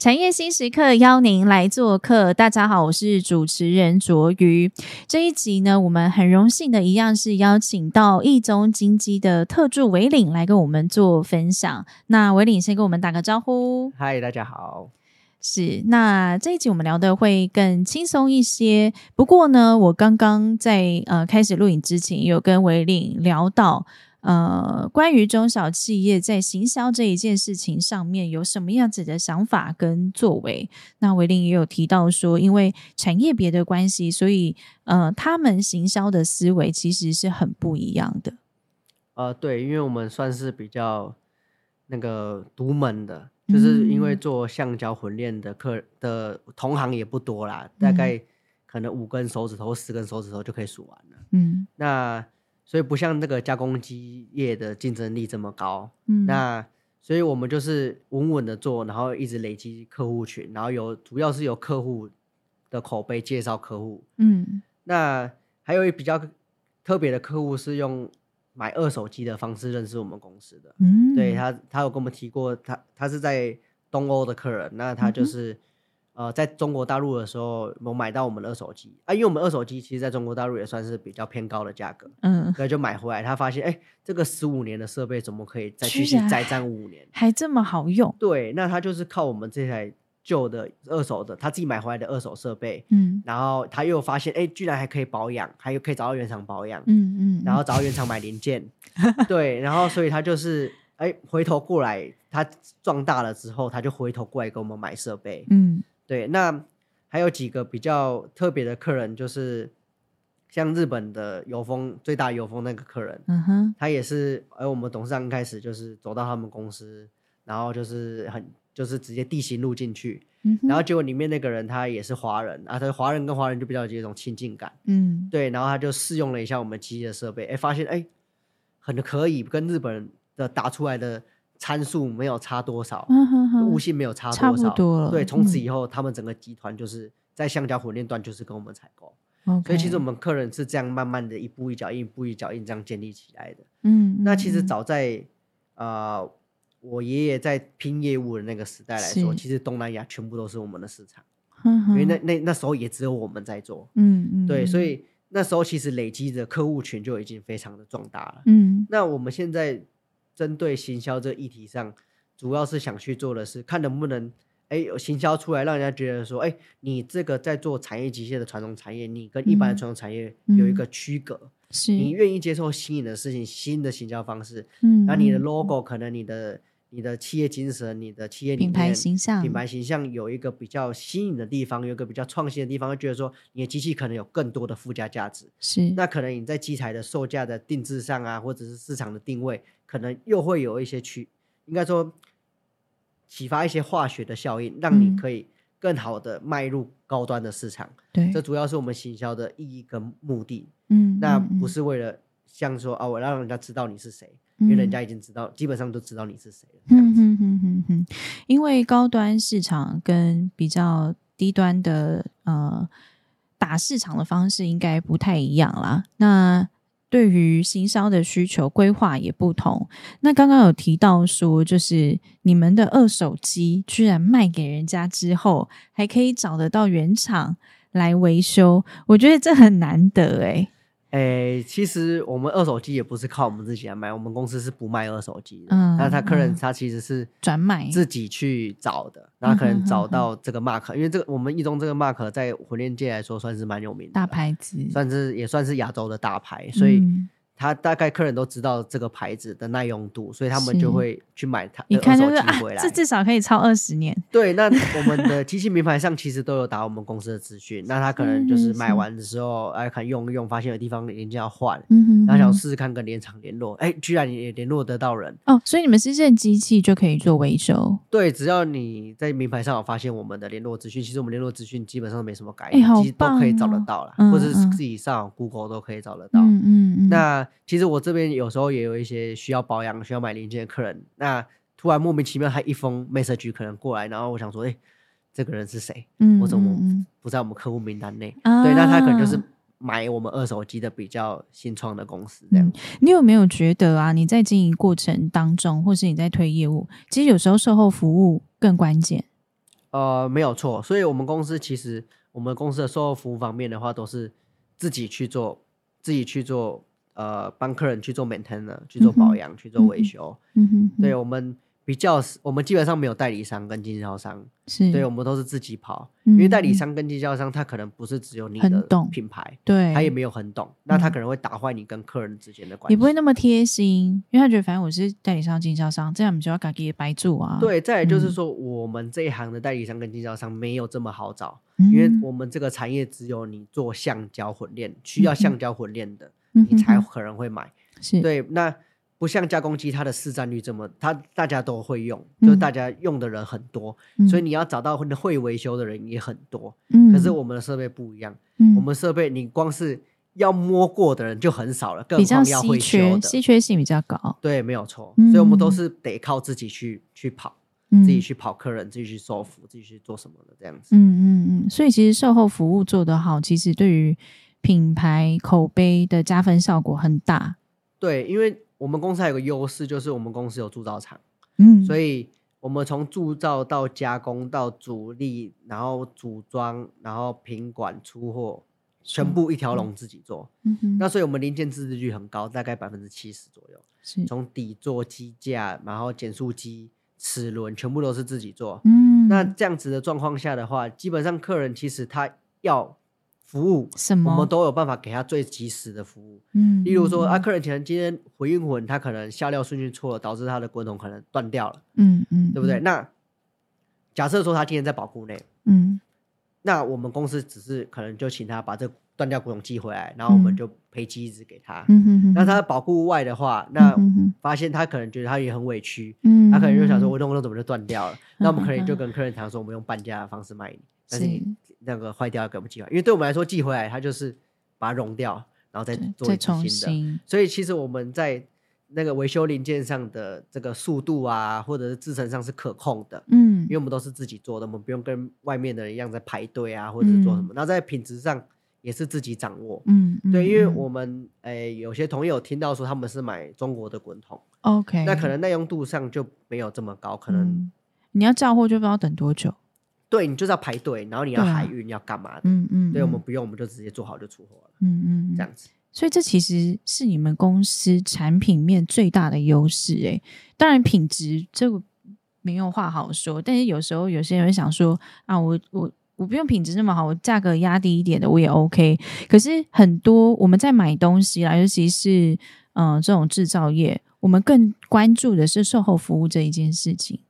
產業心時刻邀您來做客，大家好，我是主持人卓瑜。這一集呢，我們很榮幸的一樣是邀請到益宗精機的特助濰菻來跟我們做分享。那濰菻先跟我們打個招呼，嗨，大家好。是，那這一集我們聊的會更輕鬆一些。不過呢，我剛剛在呃開始錄影之前，有跟濰菻聊到。呃，關於中小企業在行銷這一件事情上面有什麼樣子的想法跟作為？那濰菻也有提到說，因為產業別的關係，所以呃，他們行銷的思維其實是很不一樣的。呃，對，因為我們算是比較那個獨門的、嗯，就是因為做橡膠混煉的客的同行也不多啦、嗯，大概可能五根手指頭或十根手指頭就可以數完了。嗯，那。所以不像那個加工機業的競爭力這麼高，嗯，那所以我們就是穩穩的做，然後一直累積客戶群，然後有主要是有客戶的口碑介紹客戶，嗯，那還有一比較特別的客戶是用買二手機的方式認識我們公司的，嗯，對，他，他有跟我們提過，他他是在東歐的客人，那他就是。呃，在中國大陸的時候，我買到我們的二手機啊，因為我們二手機其實在中國大陸也算是比較偏高的價格，嗯，所以就買回來。他發現，哎，這個十五年的設備怎麼可以再繼續再戰五年還，還這麼好用？對，那他就是靠我們這台舊的二手的，他自己買回來的二手設備，嗯，然後他又發現，哎，居然還可以保養，還有可以找到原廠保養，嗯嗯，然後找到原廠買零件， 對，然後所以他就是，哎，回頭過來，他壯大了之後，他就回頭過來給我們買設備，嗯。對，那還有幾個比較特別的客人，就是像日本的油封最大油封那個客人，嗯哼，他也是，哎，我們董事長一開始就是走到他們公司，然後就是很就是直接地形路進去，嗯哼，然後結果裡面那個人他也是華人啊，他華人跟華人就比較有這種親近感，嗯，對，然後他就試用了一下我們機械設備，哎，發現哎很可以，跟日本人的打出來的。參數沒有差多少，物性沒有差多少，多對、嗯，從此以後他們整個集團就是在橡膠混煉段就是跟我們採購，Okay. 所以其實我們客人是這樣慢慢的一步一腳印一步一腳印這樣建立起來的。嗯，那其實早在啊、嗯呃、我爺爺在拼業務的那個時代來說，其實東南亞全部都是我們的市場，嗯、因為那那那時候也只有我們在做，嗯嗯，對嗯，所以那時候其實累積的客戶群就已經非常的壯大了。嗯，那我們現在。針對行銷這議題上，主要是想去做的是看能不能誒，有行銷出來，讓人家覺得說，哎，你這個在做產業機械的傳統產業，你跟一般的傳統產業有一個區隔，嗯嗯、是你願意接受新穎的事情，新的行銷方式，嗯，那你的 logo，嗯、可能你的。你的企業精神，你的企業品牌形象，品牌形象有一個比較新穎的地方，有一個比較創新的地方，就覺得說你的機器可能有更多的附加價值。是，那可能你在機材的售價的定制上啊，或者是市場的定位，可能又會有一些區，應該說啟發一些化學的效應，讓你可以更好的邁入高端的市場。嗯、對，這主要是我們行銷的意義跟目的。嗯，那不是為了。像說啊，我讓人家知道你是誰，因為人家已經知道，嗯、基本上都知道你是誰、嗯哼哼哼哼。因為高端市場跟比較低端的呃打市場的方式應該不太一樣啦。那對於行銷的需求規劃也不同。那剛剛有提到說，就是你們的二手機居然賣給人家之後，還可以找得到原廠來維修，我覺得這很難得哎、欸。誒，其實我們二手機也不是靠我們自己來賣，我們公司是不賣二手機的。嗯，那他客人他其實是轉買自己去找的，那、嗯嗯、可能找到這個 mark，、嗯、哼哼，因為這個我們益宗這個 mark 在婚戀界來說算是蠻有名的，大牌子，算是也算是亞洲的大牌，所以。嗯他大概客人都知道這個牌子的耐用度，所以他們就會去買台二手機回來，就是啊。這至少可以超二十年。對，那我們的機器名牌上其實都有打我們公司的資訊。 那他可能就是買完的時候，哎、嗯，看用一用，用發現有地方零件要換，嗯哼，嗯想試試看跟連廠聯絡，哎、欸，居然也聯絡得到人。哦，所以你們是這機器就可以做維修？對，只要你在名牌上有發現我們的聯絡資訊，其實我們聯絡資訊基本上都沒什麼改變，其、欸、實、哦、都可以找得到啦。嗯嗯，或者是自己上 Google 都可以找得到。嗯嗯嗯，那。其實我這邊有時候也有一些需要保養、需要買零件的客人，那突然莫名其妙他一封 message 可能過來，然後我想說，哎、欸，這個人是誰？嗯，我怎麼不在我們客戶名單內、啊？對，那他可能就是買我們二手機的比較新創的公司這樣、嗯。你有沒有覺得啊，你在經營過程當中，或是你在推業務，其實有時候售後服務更關鍵。呃，沒有錯，所以我們公司其實我們公司的售後服務方面的話，都是自己去做，自己去做。呃，幫客人去做 maintenance，去做保養、嗯，去做維修。嗯、對我們比較，我們基本上沒有代理商跟經銷商，是對我們都是自己跑。嗯、因為代理商跟經銷商，他可能不是只有你的品牌，對，他也沒有很懂，那他可能會打壞你跟客人之間的關係。你不會那麼貼心，因為他覺得反正我是代理商、經銷商，這樣要較可你白住啊。對，再來就是說，我們這一行的代理商跟經銷商沒有這麼好找、嗯，因為我們這個產業只有你做橡膠混煉、嗯，需要橡膠混煉的。嗯嗯你才可能會買、嗯啊，是對。那不像加工機，它的市占率這麼，它大家都會用，就是、大家用的人很多、嗯，所以你要找到會維修的人也很多。嗯、可是我們的設備不一樣、嗯，我們設備你光是要摸過的人就很少了，更要修，比較稀缺，稀缺性比較高。對，沒有錯。嗯、所以，我們都是得靠自己去去跑、嗯，自己去跑客人，自己去收服，自己去做什麼的這樣子。嗯嗯嗯。所以，其實售後服務做得好，其實對於。品牌口碑的加分效果很大。對，因為我們公司還有個優勢，就是我們公司有鑄造廠，嗯，所以我們從鑄造到加工到組立，然後組裝，然後品管出貨，全部一條龍自己做。嗯哼，那所以我們零件自制率很高，大概百分之七十左右。是，從底座、機架，然後減速機、齒輪，全部都是自己做。嗯，那這樣子的狀況下的話，基本上客人其實他要服務什麼？我們都有辦法給他最及時的服務。嗯，例如說，啊，客人可能今天回應魂，他可能下料順序錯了，導致他的滾筒可能斷掉了。嗯嗯，對不對？那假設說他今天在保固內，嗯，那我們公司只是可能就請他把這斷掉滾筒寄回來，然後我們就賠機子給他。嗯，那、嗯、他保固外的話，那發現他可能覺得他也很委屈。嗯哼哼。他可能就想說，我弄弄怎麼就斷掉了、嗯哼哼？那我們可能就跟客人談說，我們用半價的方式賣、嗯、哼哼但是你。是。那個壞掉，給我們寄回來。因為對我們來說，寄回來它就是把它融掉，然後再做新的重新。所以其實我們在那個維修零件上的這個速度啊，或者是製程，上是可控的。嗯，因為我們都是自己做的，我們不用跟外面的人一樣在排隊啊，或者是做什麼。那、嗯、在品質上也是自己掌握。嗯，嗯對，因為我們誒、欸、有些朋友聽到說他們是買中國的滾筒，OK，嗯、那可能耐用度上就沒有這麼高。可能、嗯、你要交貨，就不知道等多久。對你就是要排隊，然後你要海運、啊、要幹嘛的？嗯嗯，對，我們不用，我們就直接做好就出貨了。嗯嗯，這樣子，所以這其實是你們公司產品面最大的優勢哎。當然品質這個沒有話好說，但是有時候有些人會想說啊，我我我不用品質那麼好，我價格壓低一點的我也 OK。可是很多我們在買東西啦，尤其是嗯、呃、這種製造業，我們更關注的是售後服務這一件事情。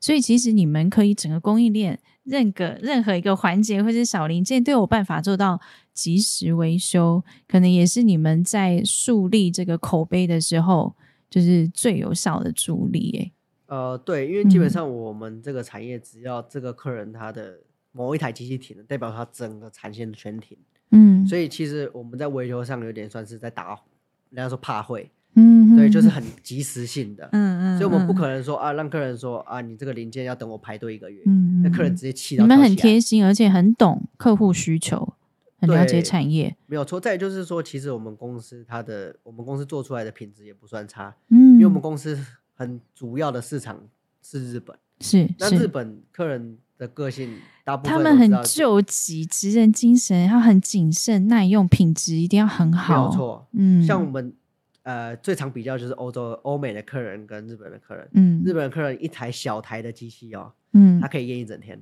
所以其實你們可以整個供應鏈。任何任何一個環節或者小零件，都有辦法做到及時維修，可能也是你們在樹立這個口碑的時候，就是最有效的助力、欸。哎，呃，對，因為基本上我們這個產業，只要這個客人他的某一台機器停了，代表他整個產線全停。嗯，所以其實我們在維修上有點算是在打，人家說怕會。嗯、mm -hmm.，對，就是很及時性的。嗯嗯，所以我們不可能說、嗯、啊，讓客人說啊，你這個零件要等我排隊一個月，那、嗯、客人直接氣到。你們很貼心，而且很懂客戶需求、嗯，很了解產業，沒有錯。再就是說，其實我們公司它的，我們公司做出來的品質也不算差，嗯，因為我們公司很主要的市場是日本，是，那日本客人的個性大部分他們很究極，職人精神，他很謹慎，耐用品質一定要很好，沒有錯，嗯，像我們。呃，最常比較就是歐洲、歐美的客人跟日本的客人。嗯，日本的客人一台小台的機器哦，嗯，他可以驗一整天。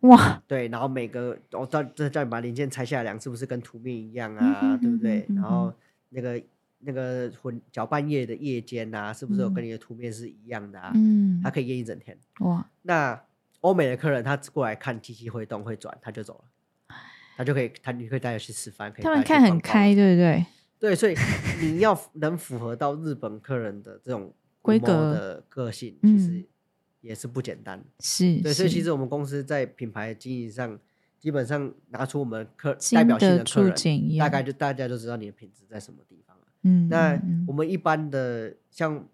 哇，對，然後每個我到這叫你把零件拆下來量是不是跟圖面一樣啊？嗯、對不對、嗯？然後那個、嗯那個、那個混攪拌液的葉尖啊，是不是有跟你的圖面是一樣的啊？嗯，他可以驗一整天。哇，那歐美的客人他過來看機器會動會轉，他就走了，他就可以他你可以帶他去吃飯，可以他們看很開，對不對？對，所以你要能符合到日本客人的這種規格的個性、嗯，其實也是不簡單的。是，對，所以其實我們公司在品牌經營上，基本上拿出我們客代表性的客人，大概就大家就知道你的品質在什麼地方了。嗯，那我們一般的像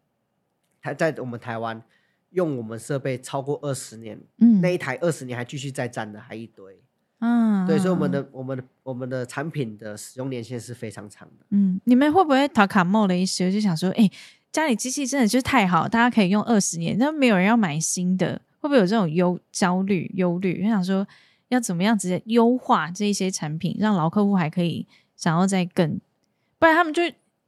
還在我們台灣用我們設備超過二十年，嗯，那一台二十年還繼續在戰的還一堆。嗯，對，所以我們、嗯、我們的、我們的、我們的產品的使用年限是非常長的。嗯，你們會不會討卡莫的意思？就想說，哎、欸，家裡機器真的就是太好，大家可以用二十年，那沒有人要買新的，會不會有這種憂焦慮、憂慮？就想說，要怎麼樣直接優化這一些產品，讓老客戶還可以想要再更，不然他們就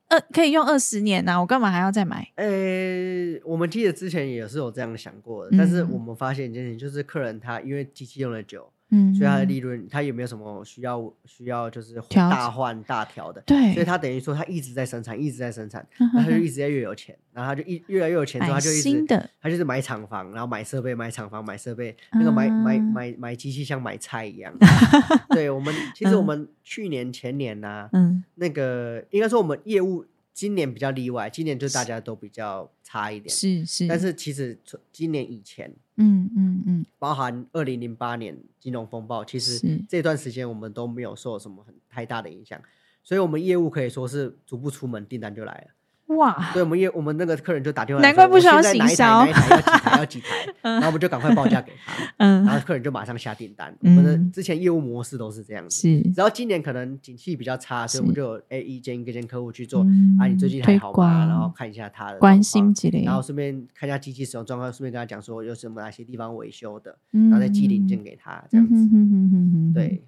呃，可以用二十年呢、啊？我干嘛還要再買？呃、欸，我們記得之前也是有這樣想過的，嗯、但是我們發現，就是客人他因為機器用了久。嗯，所以他的利潤，他有沒有什麼需要需要就是大換大調的，對，所以他等於說他一直在生產，一直在生產，那他就一直在越有錢，嗯、然後他就一越來越有錢，他就一直，他就是買廠房，然後買設備，買廠房，買設備，那個買、嗯、買買買機器像買菜一樣。 對我們，其實我們去年前年呢、啊，嗯，那個應該說我們業務。今年比較例外，今年就大家都比較差一點，是是、是。但是其實從今年以前，嗯嗯嗯，包含二零零八年金融風暴，其實這段時間我們都沒有受什麼很太大的影響，所以我們業務可以說是足不出門，訂單就來了。哇！對，我們業我們那個客人就打電話來說，難怪不需要行銷，我現在哪一台、哪一台，要幾台？要幾台？ 然後我們就趕快報價給他。 嗯，然後客人就馬上下訂單。我們的之前業務模式都是這樣子，然、嗯、後今年可能景氣比較差，所以我們就有 A 一間一間客戶去做啊，你最近還好嗎、嗯？然後看一下他的關心之類，然後順便看一下機器使用狀況，順便跟他講說有什麼哪些地方維修的，然後再寄零件給他這、嗯，這樣子，嗯、哼哼哼哼哼哼對。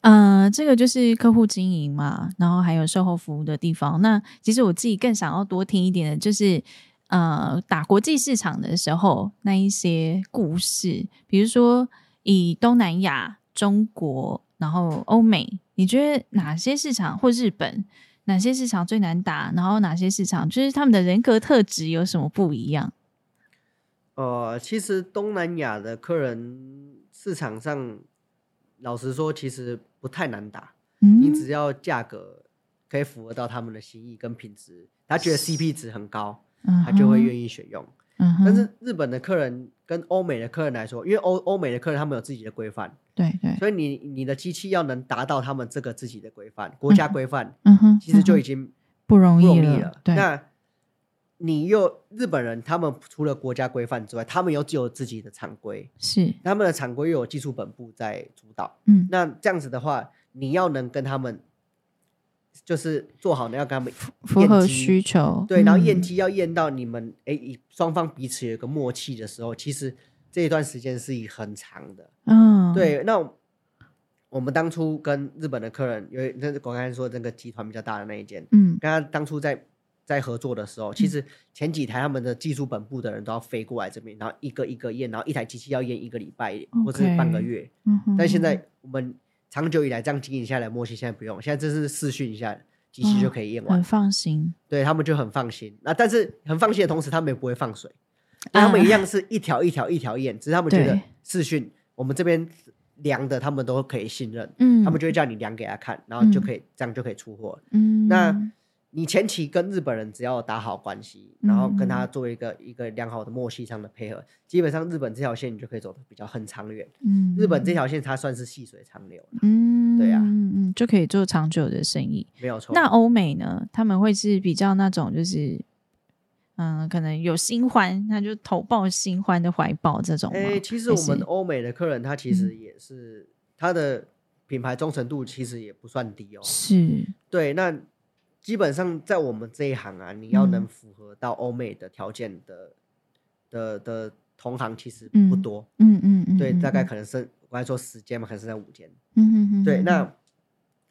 呃，這個就是客戶經營嘛，然後還有售後服務的地方。那其實我自己更想要多聽一點的，就是呃，打國際市場的時候那一些故事，比如說以東南亞、中國，然後歐美，你覺得哪些市場或日本，哪些市場最難打？然後哪些市場就是他們的人格特質有什麼不一樣？呃，其實東南亞的客人市場上。老實說，其實不太難打。嗯，你只要價格可以符合到他們的心意跟品質，他覺得 CP 值很高，嗯，他就會願意選用。嗯，但是日本的客人跟歐美的客人來說，因為歐歐美的客人他們有自己的規範，對對，所以你你的機器要能達到他們這個自己的規範，對對。國家規範，嗯哼，其實就已經不容易了。不容易了，對。那你又日本人，他們除了國家規範之外，他們又只有自己的常規，是他們的常規又有技術本部在主導。嗯，那這樣子的話，你要能跟他們就是做好，你要跟他們符合需求，對，然後驗機要驗到你們誒，雙、嗯欸、方彼此有一個默契的時候，其實這一段時間是以很長的。嗯、哦，對。那我們當初跟日本的客人，因為那是廣安說那個集團比較大的那一間，嗯，跟他當初在。在合作的時候，其實前幾台他們的技術本部的人都要飛過來這邊，嗯、然後一個一個驗，然後一台機器要驗一個禮拜、okay. 或者半個月。嗯哼。但現在我們長久以來這樣經營下來，摩西現在不用，現在這是視訊一下，機器就可以驗完了、哦，很放心。對他們就很放心。那但是很放心的同時，他們也不會放水，他們一樣是一條一條一條一驗，uh, 只是他們覺得視訊我們這邊量的，他們都可以信任。嗯。他們就會叫你量給他看，然後就可以、嗯、這樣就可以出貨。嗯。那。你前期跟日本人只要打好關係，然後跟他做一個、嗯、一個良好的默契上的配合，基本上日本這條線你就可以走得比較很長遠。嗯，日本這條線它算是細水長流，嗯，對呀、啊，嗯嗯，就可以做長久的生意，沒有錯。那歐美呢？他們會是比較那種就是，嗯、呃，可能有新歡，他就投報新歡的懷抱這種嗎？哎、欸，其實我們歐美的客人他其實也是、嗯、他的品牌忠誠度其實也不算低哦。是，對，那。基本上在我們這一行啊，你要能符合到歐美的條件的、嗯、的的、的同行其實不多，嗯嗯嗯，對嗯，大概可能剩我還說十間嘛，可能剩在五間，嗯嗯嗯，對。那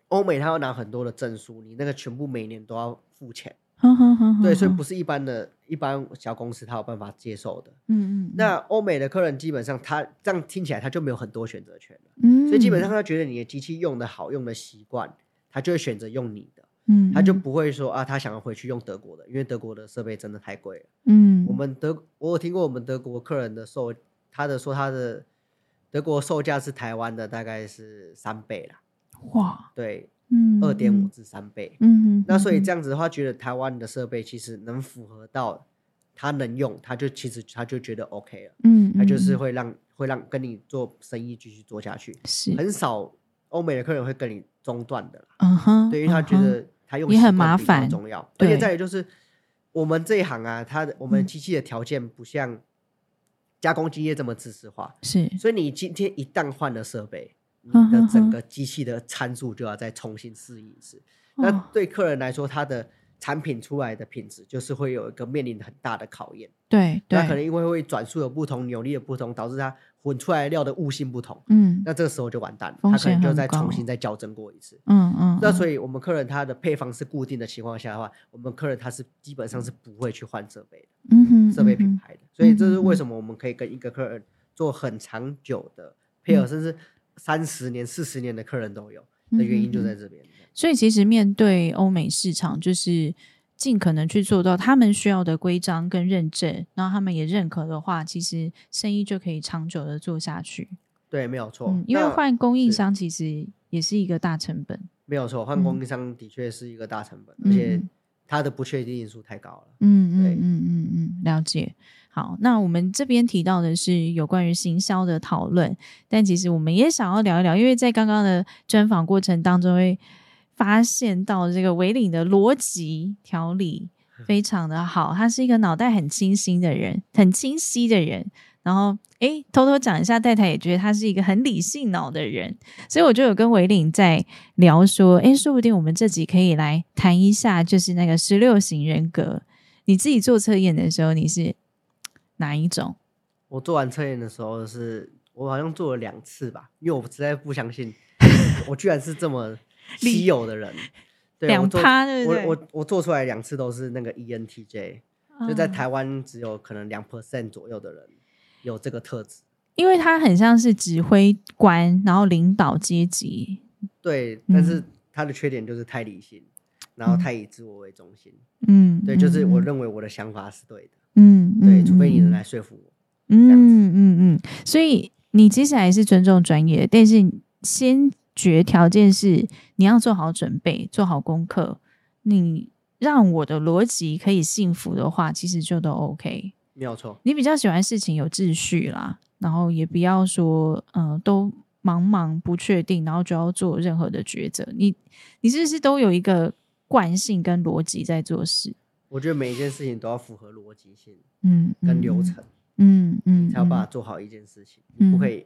歐美他要拿很多的證書，你那個全部每年都要付錢，哦哦哦、對，所以不是一般的、哦、一般小公司他有辦法接受的，嗯嗯。那歐美的客人基本上他這樣聽起來他就沒有很多選擇權了，嗯，所以基本上他覺得你的機器用的好、用的習慣，他就會選擇用你的。嗯，他就不會說啊，他想要回去用德國的，因為德國的設備真的太貴了。嗯，我們德，我有聽過我們德國客人的售，他的說他的德國售價是台灣的大概是三倍啦。哇，對，嗯，二點五至三倍。嗯，那所以這樣子的話，覺得台灣的設備其實能符合到他能用，他就其實他就覺得 OK 了。嗯，他就是會讓會讓跟你做生意繼續做下去。是，很少歐美的客人會跟你中斷的。嗯哼，對，因為他覺得。uh-huh. 還用也很麻煩，很重要，而且再有就是，我們這一行啊，它的我們機器的條件不像加工機械這麼知識化，是，所以你今天一旦換了設備，你的整個機器的參數就要再重新適應一次，嗯哼哼，那對客人來說，他的產品出來的品質就是會有一個面臨很大的考驗，對，那可能因為會轉速的不同，扭力的不同，導致他。混出來料的物性不同，嗯，那這個時候就完蛋了，他可能就再重新再校正過一次，嗯嗯。那所以我們客人他的配方是固定的情況下的話，我們客人他是基本上是不會去換設備的，嗯，設備品牌的、嗯，所以這是為什麼我們可以跟一個客人做很長久的配合，嗯、甚至三十年、四十年的客人都有的原因就在這邊、嗯。所以其實面對歐美市場，就是。盡可能去做到他們需要的規章跟認證，然後他們也認可的話，其實生意就可以長久的做下去。對，沒有錯、嗯。因為換供應商其實也是一個大成本。沒有錯，換供應商的確是一個大成本，嗯、而且它的不確定因素太高了。嗯，對，嗯，嗯，嗯，嗯，了解。好，那我們這邊提到的是有關於行銷的討論，但其實我們也想要聊一聊，因為在剛剛的專訪過程當中會。發現到這個濰菻的邏輯條理非常的好，他是一個腦袋很清新的人，很清晰的人。然後，哎，偷偷講一下，太太也覺得他是一個很理性腦的人。所以我就有跟濰菻在聊說，哎，說不定我們這集可以來談一下，就是那個十六型人格。你自己做測驗的時候，你是哪一種？我做完測驗的時候是，是我好像做了兩次吧，因為我實在不相信， 我居然是這麼。稀有的人，兩趴，我做我我，我做出來兩次都是那個 ENTJ，uh, 就在台灣只有可能兩 percent 左右的人有這個特質，因為他很像是指揮官，然後領導階級，對、嗯，但是他的缺點就是太理性，然後太以自我為中心，嗯，對，就是我認為我的想法是對的，嗯，對，嗯、除非你能來說服我，嗯嗯嗯，嗯，所以你接下來是尊重專業，但是先。決條件是你要做好準備，做好功課。你讓我的邏輯可以信服的話，其實就都 OK，沒有錯。你比較喜歡事情有秩序啦，然後也不要說嗯、呃，都茫茫不確定，然後就要做任何的抉擇。你你是不是都有一個慣性跟邏輯在做事？我覺得每一件事情都要符合邏輯性，嗯，跟流程，嗯嗯，你才有辦法做好一件事情，不可以。嗯嗯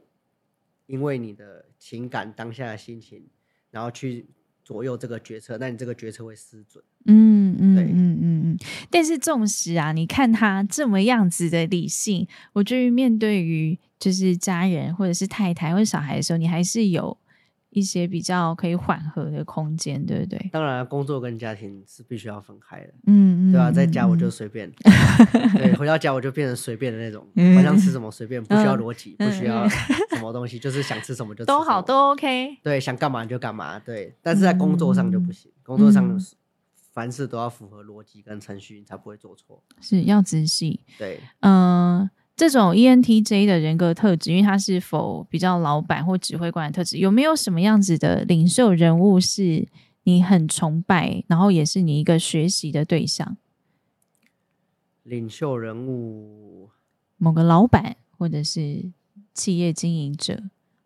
因為你的情感、當下的心情，然後去左右這個決策，那你這個決策會失準。嗯嗯嗯嗯嗯。但是縱使啊，你看他這麼樣子的理性，我覺得面對於就是家人或者是太太或者小孩的時候，你還是有。一些比較可以緩和的空間，對不對？當然，工作跟家庭是必須要分開的，嗯。嗯，對啊，在家我就隨便，嗯，對，回到家我就變成隨便的那種，晚上吃什麼隨便，嗯，隨便不需要邏輯，嗯，不需要什麼東西，嗯嗯，東西，嗯， 就是想吃什麼就吃什麼都好，都 OK。對，想幹嘛就幹嘛。對，但是在工作上就不行，嗯，工作上凡事都要符合邏輯跟程序，你才不會做錯。是要仔細。對，嗯，呃。這種 ENTJ 的人格特質，因為他是否比較老闆或指揮官的特質，有沒有什麼樣子的領袖人物是你很崇拜，然後也是你一個學習的對象？領袖人物，某個老闆，或者是企業經營者，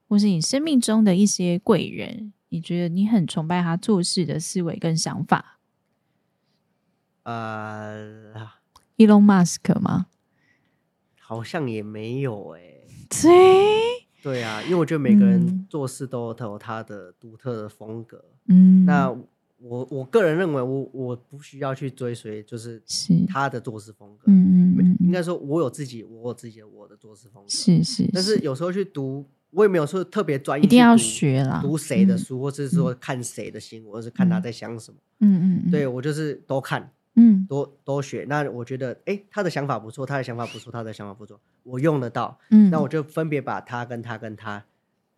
或是你生命中的一些貴人，你覺得你很崇拜他做事的思維跟想法？呃，Elon Musk 嗎？好像也沒有哎、欸，對、嗯，對啊，因為我覺得每個人做事都有他的獨特的風格，嗯，那我我個人認為我，我我不需要去追隨，就是他的做事風格，嗯，嗯，嗯應該說，我有自己，我有自己的我的做事風格，是是，是，是，但是有時候去讀，我也沒有說特別專業，一定要學啦。讀誰的書，或是說看誰的心、嗯，或是看他在想什麼，嗯嗯，嗯，對我就是都看。多多學，那我覺得，哎、欸，他的想法不錯，他的想法不錯，他的想法不錯，我用得到。嗯，那我就分別把他跟他跟他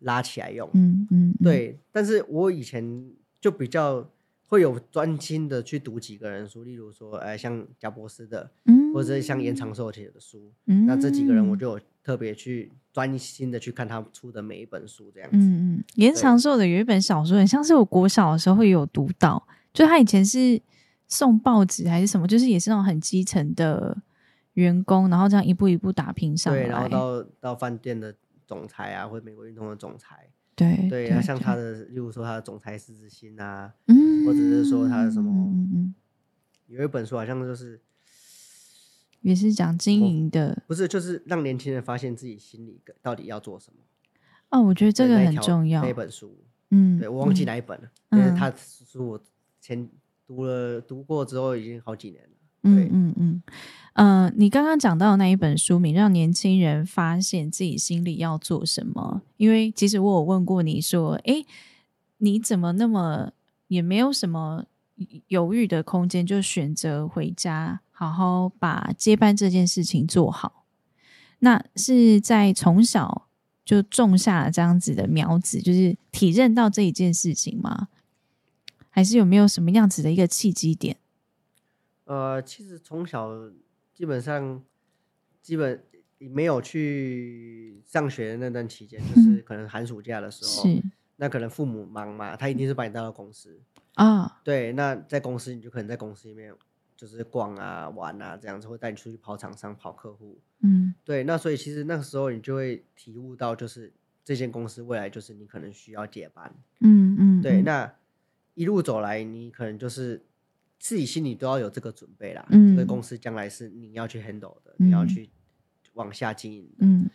拉起來用。嗯嗯，對。但是我以前就比較會有專心的去讀幾個人書，例如說，哎、欸，像賈伯斯的，嗯，或者像延長壽寫的書。嗯，那這幾個人我就特別去專心的去看他出的每一本書，這樣子。嗯嗯，延長壽的有一本小說，像是我國小的時候會有讀到，就他以前是。送報紙還是什麼，就是也是那種很基層的員工，然後這樣一步一步打拼上來，對然後到到飯店的總裁啊，或者美國運通的總裁，對對,對，像他的，例如說他的《總裁獅子心》啊，嗯，或者是說他的什麼，嗯、有一本書好像就是也是講經營的，哦、不是就是讓年輕人發現自己心裡到底要做什麼啊、哦，我覺得這個很重要。那,那本書，嗯，對我忘記哪一本了，就、嗯、是他說我前。嗯讀了讀過之後已經好幾年了。嗯嗯嗯，呃，你剛剛講到的那一本書名，讓年輕人發現自己心裡要做什麼。因為其實我有問過你說，誒，你怎麼那麼也沒有什麼猶豫的空間，就選擇回家好好把接班這件事情做好？那是在從小就種下了這樣子的苗子，就是體認到這一件事情嗎？還是有沒有什麼樣子的一個契機點？呃，其實從小基本上基本沒有去上學的那段期間，嗯、就是可能寒暑假的時候，那可能父母忙嘛，他一定是把你帶到的公司啊、哦。對，那在公司你就可能在公司裡面就是逛啊、玩啊這樣子，會帶你出去跑廠商、跑客戶。嗯，對。那所以其實那個時候你就會體悟到，就是這間公司未來就是你可能需要接班。嗯嗯，對。那一路走來，你可能就是自己心裡都要有這個準備啦。嗯，這個、公司將來是你要去 handle 的，嗯、你要去往下經營的、嗯。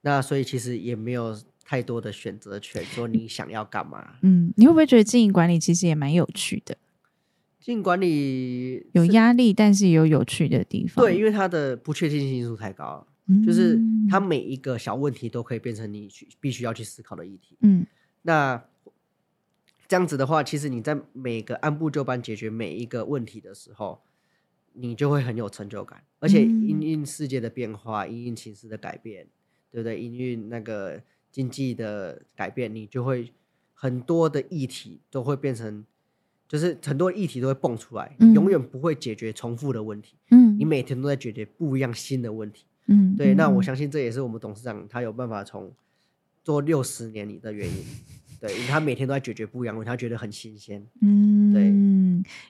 那所以其實也沒有太多的選擇權，說你想要幹嘛。嗯，你會不會覺得經營管理其實也蠻有趣的？經營管理有壓力，但是有有趣的地方。對，因為它的不確定性因素太高、嗯，就是它每一個小問題都可以變成你去必須要去思考的議題。嗯，那。這樣子的話，其實你在每個按部就班解決每一個問題的時候，你就會很有成就感。而且，因應世界的變化，嗯、因應形勢的改變，對不對？因應那個經濟的改變，你就會很多的議題都會變成，就是很多議題都會蹦出來，嗯、永遠不會解決重複的問題。嗯，你每天都在解決不一樣新的問題。嗯，對。那我相信這也是我們董事長他有辦法從做六十年裡的原因。對，因為他每天都在解決不一樣的問題，因為他覺得很新鮮。嗯，對，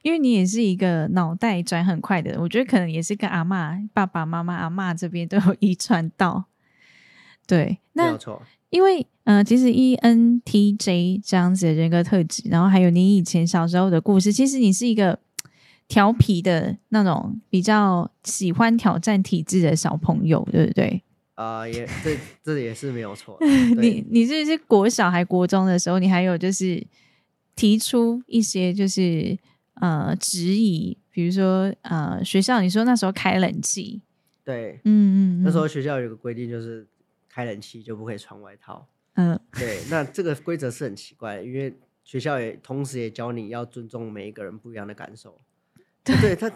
因為你也是一個腦袋轉很快的人，我覺得可能也是跟阿嬤、爸爸媽媽、阿嬤這邊都有遺傳到。對，那沒有錯。因為，呃，其實 E N T J 這樣子的人格特質，然後還有你以前小時候的故事，其實你是一個調皮的那種，比較喜歡挑戰體制的小朋友，對不對？啊、呃，也這這也是沒有錯。 你你這是，是國小還國中的時候，你還有就是提出一些就是呃質疑，比如說呃學校，你說那時候開冷氣，對，嗯，嗯嗯，那時候學校有個規定，就是開冷氣就不可以穿外套。嗯，對，那這個規則是很奇怪，因為學校也同時也教你要尊重每一個人不一樣的感受，對，對他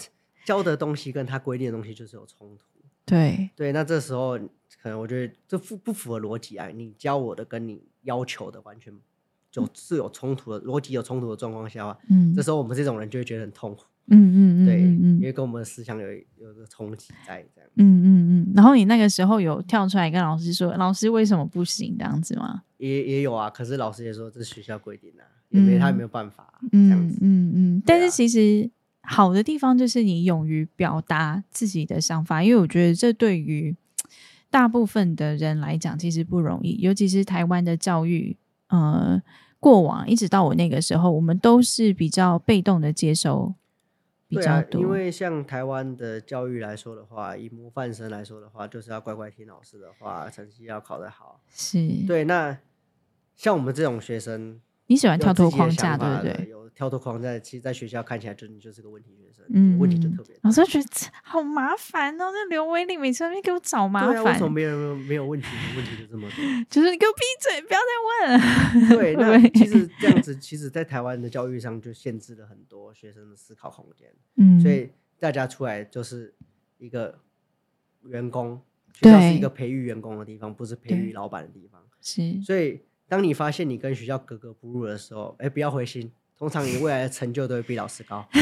教的東西跟他規定的東西就是有衝突。對對，那這時候。我覺得這符不符合邏輯啊？你教我的跟你要求的完全就、嗯、是有衝突的，邏輯有衝突的狀況下話，嗯，這時候我們這種人就會覺得很痛苦，嗯嗯嗯，對，嗯，因為跟我們的思想有有個衝擊在這樣，嗯嗯嗯。然後你那個時候有跳出來跟老師說，老師為什麼不行這樣子嗎？也也有啊，可是老師也說這是學校規定吶、啊，因、嗯、為他也沒有辦法、啊，嗯這樣嗯嗯，嗯但、啊。但是其實好的地方就是你勇於表達自己的想法，因為我覺得這對於大部分的人來講，其實不容易，尤其是台灣的教育，呃，過往一直到我那個時候，我們都是比較被動的接受比較多。對啊，因為像台灣的教育來說的話，以模範生來說的話，就是要乖乖聽老師的話，成績要考得好。是。對，那像我們這種學生。你喜歡跳脫框架，對不對？有跳脫框架，其實，在學校看起來，就是，真的就是個問題學生，嗯、問題就特別多。老師覺得好麻煩哦，那劉濰菻，你每次在那邊給我找麻煩。啊、為什麼沒有沒有沒有問題？問題就這麼多？ 就是你給我閉嘴，不要再問。對，那其實這樣子，其實在台灣的教育上就限制了很多學生的思考空間。嗯，所以大家出來就是一個員工，對，學校是一個培育員工的地方，不是培育老板的地方。是，所以。當你發現你跟學校格格不入的時候，哎，不要灰心。通常你未來的成就都會比老師高。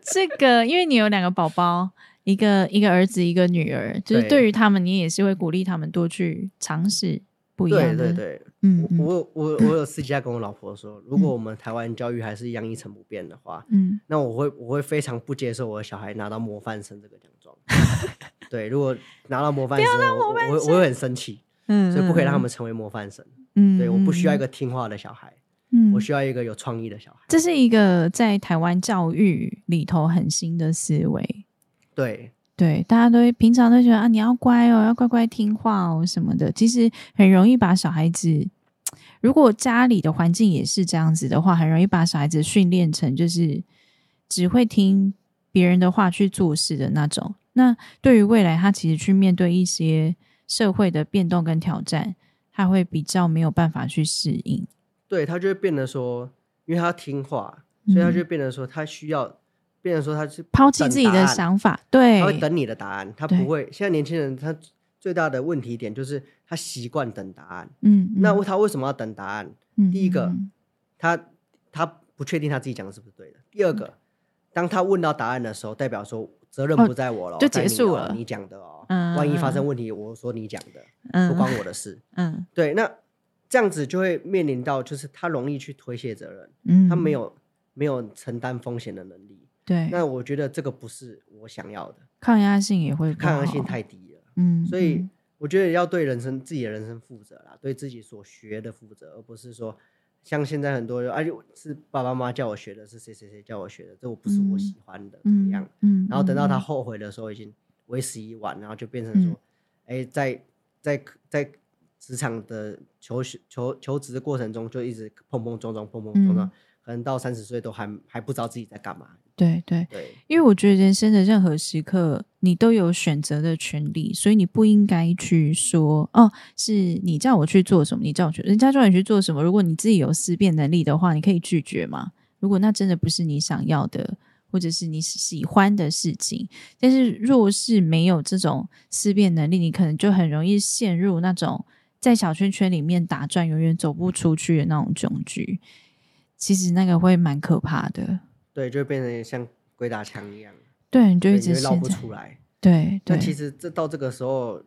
這個，因為你有兩個寶寶，一個一個兒子，一個女兒，就是對於他們，你也是會鼓勵他們多去嘗試不一樣的。對對對，嗯，嗯，我我我，我有私下跟我老婆說，嗯，如果我們台灣教育還是一樣一成不變的話，嗯，那我會我會非常不接受我的小孩拿到模範生這個獎狀。 對，如果拿到模範生，我會我會很生氣。嗯，所以不可以讓他們成為模範生。嗯，對，我不需要一個聽話的小孩，嗯，我需要一個有創意的小孩。這是一個在台灣教育裡頭很新的思維。對對，大家都會平常都覺得啊，你要乖哦，要乖乖聽話哦什麼的。其實很容易把小孩子，如果家裡的環境也是這樣子的話，很容易把小孩子訓練成就是只會聽別人的話去做事的那種。那對於未來，他其實去面對一些。社會的變動跟挑戰，他會比較沒有辦法去適應。對，他就會變得說，因為他聽話，嗯，所以他就變得說，他需要變得說他是拋棄自己的想法。對，他會等你的答案，他不會。現在年輕人他最大的問題點就是他習慣等答案。嗯，嗯，那他為什麼要等答案？嗯嗯，第一個，他他不確定他自己講的是不是對的。第二個，嗯，當他問到答案的時候，代表說。責任不在我了，喔哦，就結束了。你講、喔、的哦、喔嗯，萬一發生問題，我說你講的、嗯，不關我的事。嗯，對，那這樣子就會面臨到，就是他容易去推卸責任，嗯，他沒有沒有承擔風險的能力。對，那我覺得這個不是我想要的，抗壓性也會抗壓性太低了。嗯，所以我覺得要對人生自己的人生負責啦，嗯，對自己所學的負責，而不是說。像現在很多人，而、啊、且是爸爸媽媽叫我學的，是誰誰誰叫我學的，這我不是我喜歡的，嗯、怎麼樣嗯？嗯，然後等到他後悔的時候，已經為時已晚，然後就變成說，哎、嗯欸，在在在職場的求學求求職的過程中，就一直碰碰撞撞碰碰撞撞、嗯，可能到三十歲都還還不知道自己在幹嘛。對對，因為我覺得人生的任何時刻，你都有選擇的權利，所以你不應該去說哦，是你叫我去做什麼，你叫我去，人家叫你去做什麼。如果你自己有思辨能力的話，你可以拒絕嘛。如果那真的不是你想要的，或者是你喜歡的事情，但是若是沒有這種思辨能力，你可能就很容易陷入，那種在小圈圈裡面打轉，永遠走不出去的那種窘局，其實那個會蠻可怕的。對，就會變成像鬼打牆一樣。對，你就一直繞不出來。對對。那其實這到這個時候，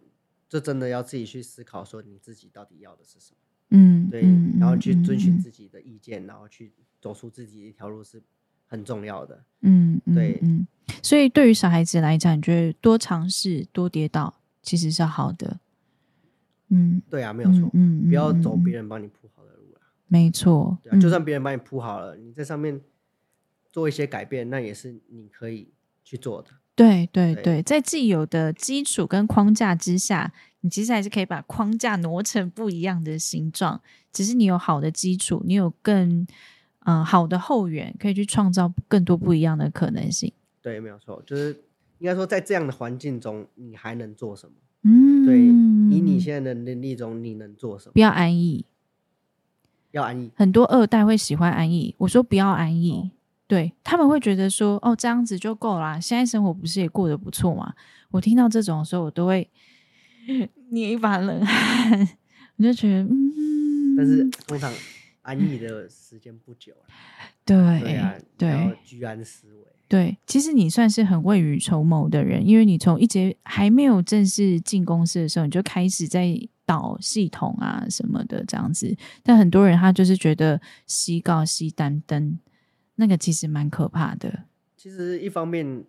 就真的要自己去思考，說你自己到底要的是什麼。嗯，對。嗯、然後去遵循自己的意見、嗯，然後去走出自己一條路是很重要的。嗯對嗯，嗯。所以對於小孩子來講，你覺得多嘗試、多跌倒其實是好的。嗯，對啊，沒有錯。嗯，嗯嗯，不要走別人幫你鋪好的路、啊、沒錯、對啊嗯。就算別人幫你鋪好了，你在上面做一些改變，那也是你可以去做的。對對對，對，在既有的基礎跟框架之下，你其實還是可以把框架挪成不一樣的形狀。只是你有好的基礎，你有更嗯、呃、好的後援，可以去創造更多不一樣的可能性。對，沒有錯，就是應該說，在這樣的環境中，你還能做什麼？嗯，對，以你現在的能力中，你能做什麼？不要安逸，要安逸。很多二代會喜歡安逸，我說不要安逸。哦。對他們會覺得說，哦，這樣子就夠啦、啊。現在生活不是也過得不錯嘛？我聽到這種的時候，我都會捏 一把冷汗，我就覺得，嗯。但是通常安逸的時間不久啊。 對對、啊、對，然後，居安思危。對，其實你算是很未雨綢繆的人，因為你從一直還沒有正式進公司的時候，你就開始在導系統啊什麼的這樣子。但很多人他就是覺得時到時擔當。那個其實蠻可怕的。其實一方面，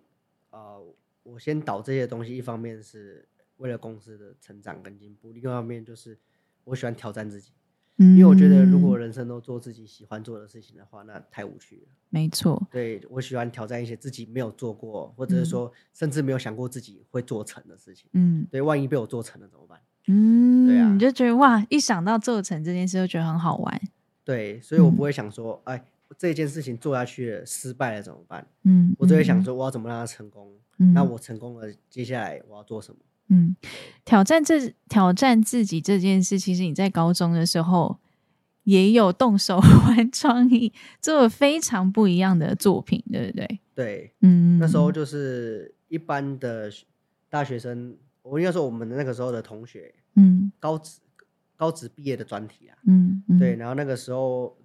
呃，我先導這些東西，一方面是為了公司的成長跟進步，另一方面就是我喜歡挑戰自己，嗯，因為我覺得如果人生都做自己喜歡做的事情的話，那太無趣了。沒錯，對，我喜歡挑戰一些自己沒有做過，或者是說，嗯，甚至沒有想過自己會做成的事情。嗯，對，萬一被我做成了怎麼辦？嗯，對啊，你就覺得哇，一想到做成這件事，就覺得很好玩。對，所以我不會想說，嗯，哎。這件事情做下去了失敗了怎麼辦？嗯，嗯，我就會想說我要怎麼讓它成功，嗯。那我成功了，接下來我要做什麼？嗯，挑戰這挑戰自己這件事，其實你在高中的時候也有動手玩創意，做了非常不一樣的作品，對不對？對，嗯，那時候就是一般的大學生，我應該說我們那個時候的同學，嗯，高職高職畢業的專題啊，嗯嗯，對，然後那個時候。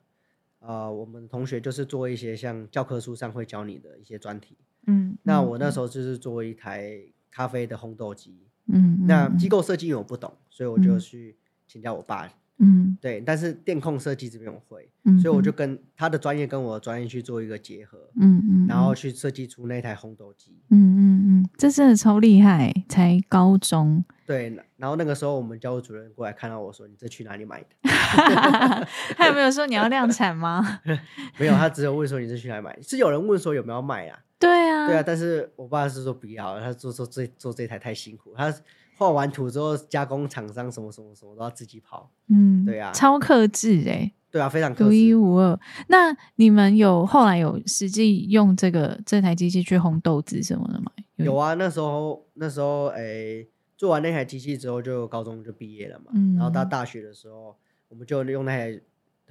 啊、呃，我們同學就是做一些像教科書上會教你的一些專題嗯，嗯，那我那時候就是做一台咖啡的烘豆機、嗯，嗯，那機構設計因為我不懂，所以我就去請教我爸，嗯，對，但是電控設計這邊我會、嗯，所以我就跟他的專業跟我的專業去做一個結合，嗯嗯，然後去設計出那台烘豆機，嗯嗯嗯。嗯嗯、這真的超厲害，才高中。對，然後那個時候我們教務主任過來看到我說：“你這去哪裡買的？” 他有沒有說你要量產嗎？ 沒有，他只有問說你這去哪裡買？是有人問說有沒有賣啊？對啊，對啊。但是我爸是說不要，他做做這做這台太辛苦，他畫完圖之後加工，廠商什麼什麼什麼都要自己跑。嗯，對啊，超克制哎、欸。對啊，非常獨一無二。那你們有後來有實際用這個這台機器去烘豆子什麼的嗎？有啊，那時候那時候哎、欸，做完那台機器之後就，就高中就畢業了嘛、嗯。然後到大學的時候，我們就用那台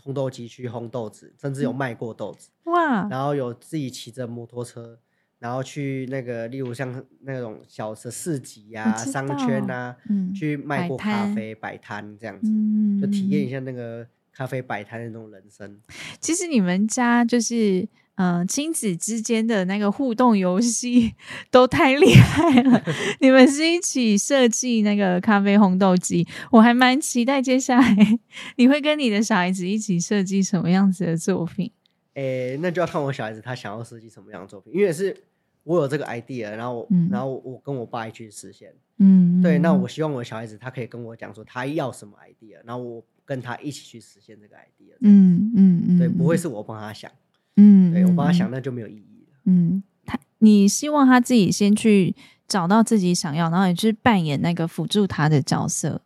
烘豆機去烘豆子，甚至有賣過豆子。嗯、哇！然後有自己騎着摩托車，然後去那個，例如像那種小的市集呀、啊、商圈啊、嗯，去賣過咖啡擺攤，擺攤這樣子、嗯，就體驗一下那個。咖啡擺攤那種人生，其實你們家就是嗯、呃，親子之間的那個互動遊戲都太厲害了。 你們是一起設計那個咖啡烘豆機，我還蠻期待接下來你會跟你的小孩子一起設計什麼樣子的作品。誒、欸，那就要看我小孩子他想要設計什麼樣的作品，因為是我有這個 idea，然後、嗯、然後我跟我爸一起去實現。嗯，對，那我希望我的小孩子他可以跟我講說他要什麼 idea，然後我。跟他一起去實現這個 idea 嗯。嗯嗯嗯，對。嗯，不會是我幫他想。嗯，對。嗯，我幫他想、嗯，那就沒有意義了。嗯，他你希望他自己先去找到自己想要，然後你去扮演那個輔助他的角色。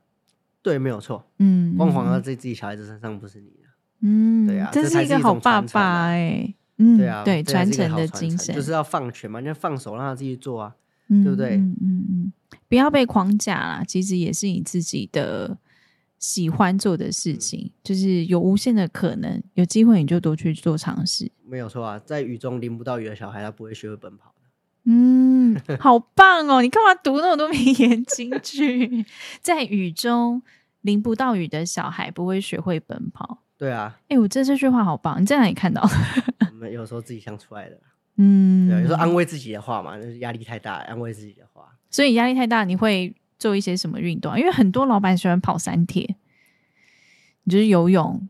對，沒有錯。嗯，光環在自己的小孩子身上不是你的、啊。嗯，對啊，這是、是、一、這是一個好爸爸哎、欸。嗯，對啊，對，傳承、承的精神就是要放權嘛，就放手讓他自己做啊，嗯、對不對？嗯嗯嗯，不要被框架啦，其實也是你自己的喜歡做的事情，就是有無限的可能，有機會你就多去做嘗試。沒有錯啊，在雨中淋不到雨的小孩，他不會學會奔跑。嗯，好棒哦！ 你幹嘛讀那麼多名言金句？ 在雨中淋不到雨的小孩不會學會奔跑。對啊，哎，我覺得這句話好棒，你在哪裡看到的？ 我們有時候自己想出來的。嗯對，有時候安慰自己的話嘛，就是壓力太大，安慰自己的話。所以壓力太大，你會。做一些什麼運動啊？因為很多老板喜歡跑三鐵，你就是游泳。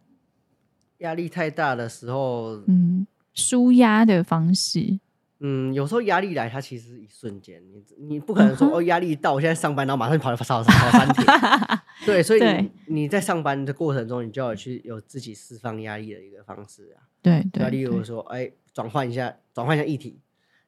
壓力太大的時候，嗯，舒壓的方式，嗯，有時候壓力來，它其實一瞬間，你你不可能說、嗯、哦，壓力一到，我現在上班，然後馬上跑去跑三跑三鐵。 對，所以你，你在上班的過程中，你就要去有自己釋放壓力的一個方式啊。對對，那例如說，哎，轉、欸、換一下，轉換一下議題。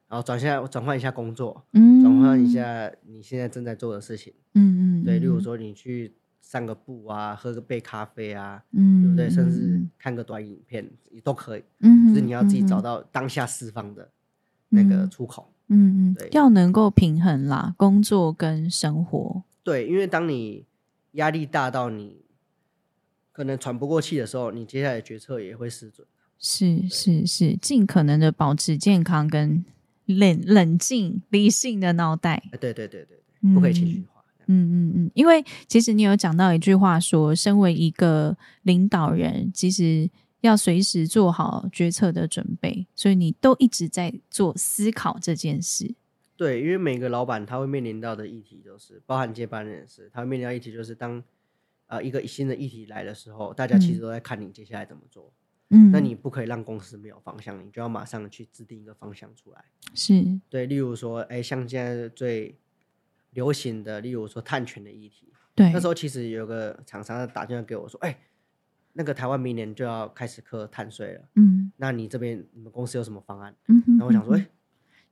然後轉下轉換一下工作，嗯，轉換一下你現在正在做的事情。嗯嗯，對，例如說你去散個步啊，喝個杯咖啡啊，嗯，對不對？甚至看個短影片也都可以。嗯，就是你要自己找到當下釋放的那個出口。嗯，對，要能夠平衡啦，工作跟生活。對，因為當你壓力大到你可能喘不過氣的時候，你接下來的決策也會失準。是是是，是，盡可能的保持健康跟。冷冷靜理性的腦袋，對、欸、對對對對，嗯、不可以情緒化。嗯嗯嗯，因為其實你有講到一句話說，說身為一個領導人，其實要隨時做好決策的準備，所以你都一直在做思考這件事。對，因為每個老闆他會面臨到的議題都是包含接班人士，他會面臨到議題就是當、呃、一個新的議題來的時候，大家其實都在看你接下來怎麼做。嗯嗯，那你不可以讓公司沒有方向，你就要馬上去制定一個方向出來。是，對，例如說，哎、欸，像現在最流行的，例如說碳權的議題。對，那時候其實有個廠商打電話給我說，哎、欸，那個台灣明年就要開始課碳稅了。嗯，那你這邊你們公司有什麼方案？嗯，那我想說，哎、欸，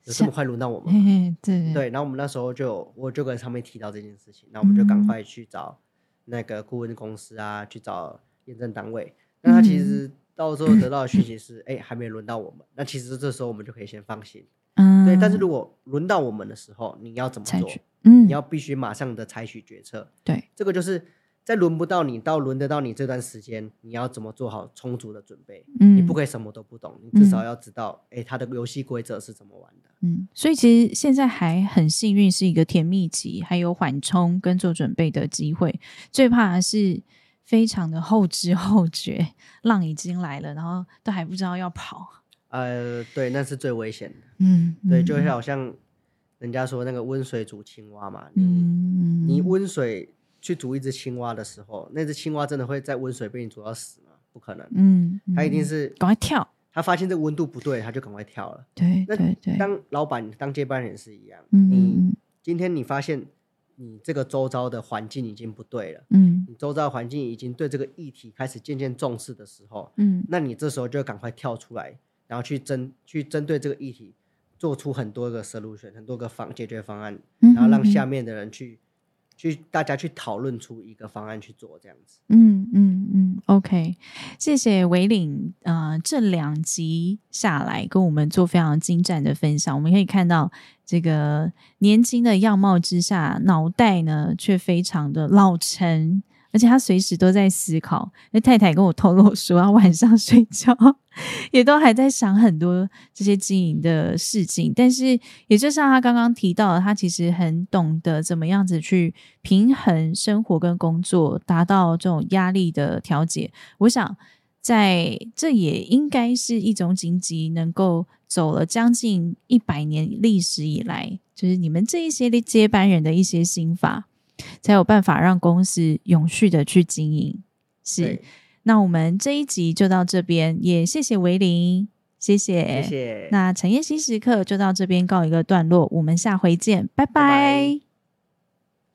有這麼快輪到我們？對對對，對。然後我們那時候就有我就跟上面提到這件事情，那我們就趕快去找那個顧問公司啊，嗯、去找驗證單位、嗯。那他其實。到時候得到的訊息是，哎、嗯欸，還沒輪到我們。那其實這時候我們就可以先放心，嗯，對。但是如果輪到我們的時候，你要怎麼做？嗯，你要必須馬上的採取決策。對，這個就是在輪不到你，到輪得到你這段時間，你要怎麼做好充足的準備？嗯，你不可以什麼都不懂，你至少要知道，哎、嗯，他、欸、的遊戲規則是怎麼玩的。嗯，所以其實現在還很幸運，是一個甜蜜期，還有緩衝跟做準備的機會。最怕的是。非常的後知後覺，浪已經來了，然後都還不知道要跑。呃，對，那是最危險的。嗯，嗯對，就好像人家說那個溫水煮青蛙嘛，你、嗯、你溫水去煮一隻青蛙的時候，那隻青蛙真的會在溫水被你煮到死嗎？不可能。嗯，他、嗯、一定是趕快跳。他發現這個溫度不對，他就趕快跳了。對，對，對。當老板，當接班人是一樣。嗯，今天你發現。你、嗯、這個周遭的環境已經不對了，嗯，你周遭環境已經對這個議題開始漸漸重視的時候，嗯，那你這時候就趕快跳出來，然後去針去針對這個議題，做出很多個 solution 很多個方解決方案、嗯哼哼，然後讓下面的人去。去大家去討論出一個方案去做這樣子，嗯嗯嗯，OK，謝謝濰菻，呃，這兩集下來跟我們做非常精湛的分享，我們可以看到這個年輕的樣貌之下，腦袋呢卻非常的老成。而且他隨時都在思考，那太太跟我透露說，他晚上睡覺也都還在想很多這些經營的事情。但是，也就像他剛剛提到，他其實很懂得怎麼樣子去平衡生活跟工作，達到這種壓力的調節。我想，在這也應該是一種精機能夠走了將近一百年歷史以來，就是你們這一些的接班人的一些心法。才有辦法讓公司永續的去經營。是，那我們這一集就到這邊，也謝謝濰菻，謝謝，謝謝。那產業心時刻就到這邊告一個段落，我們下回見，拜拜。Bye bye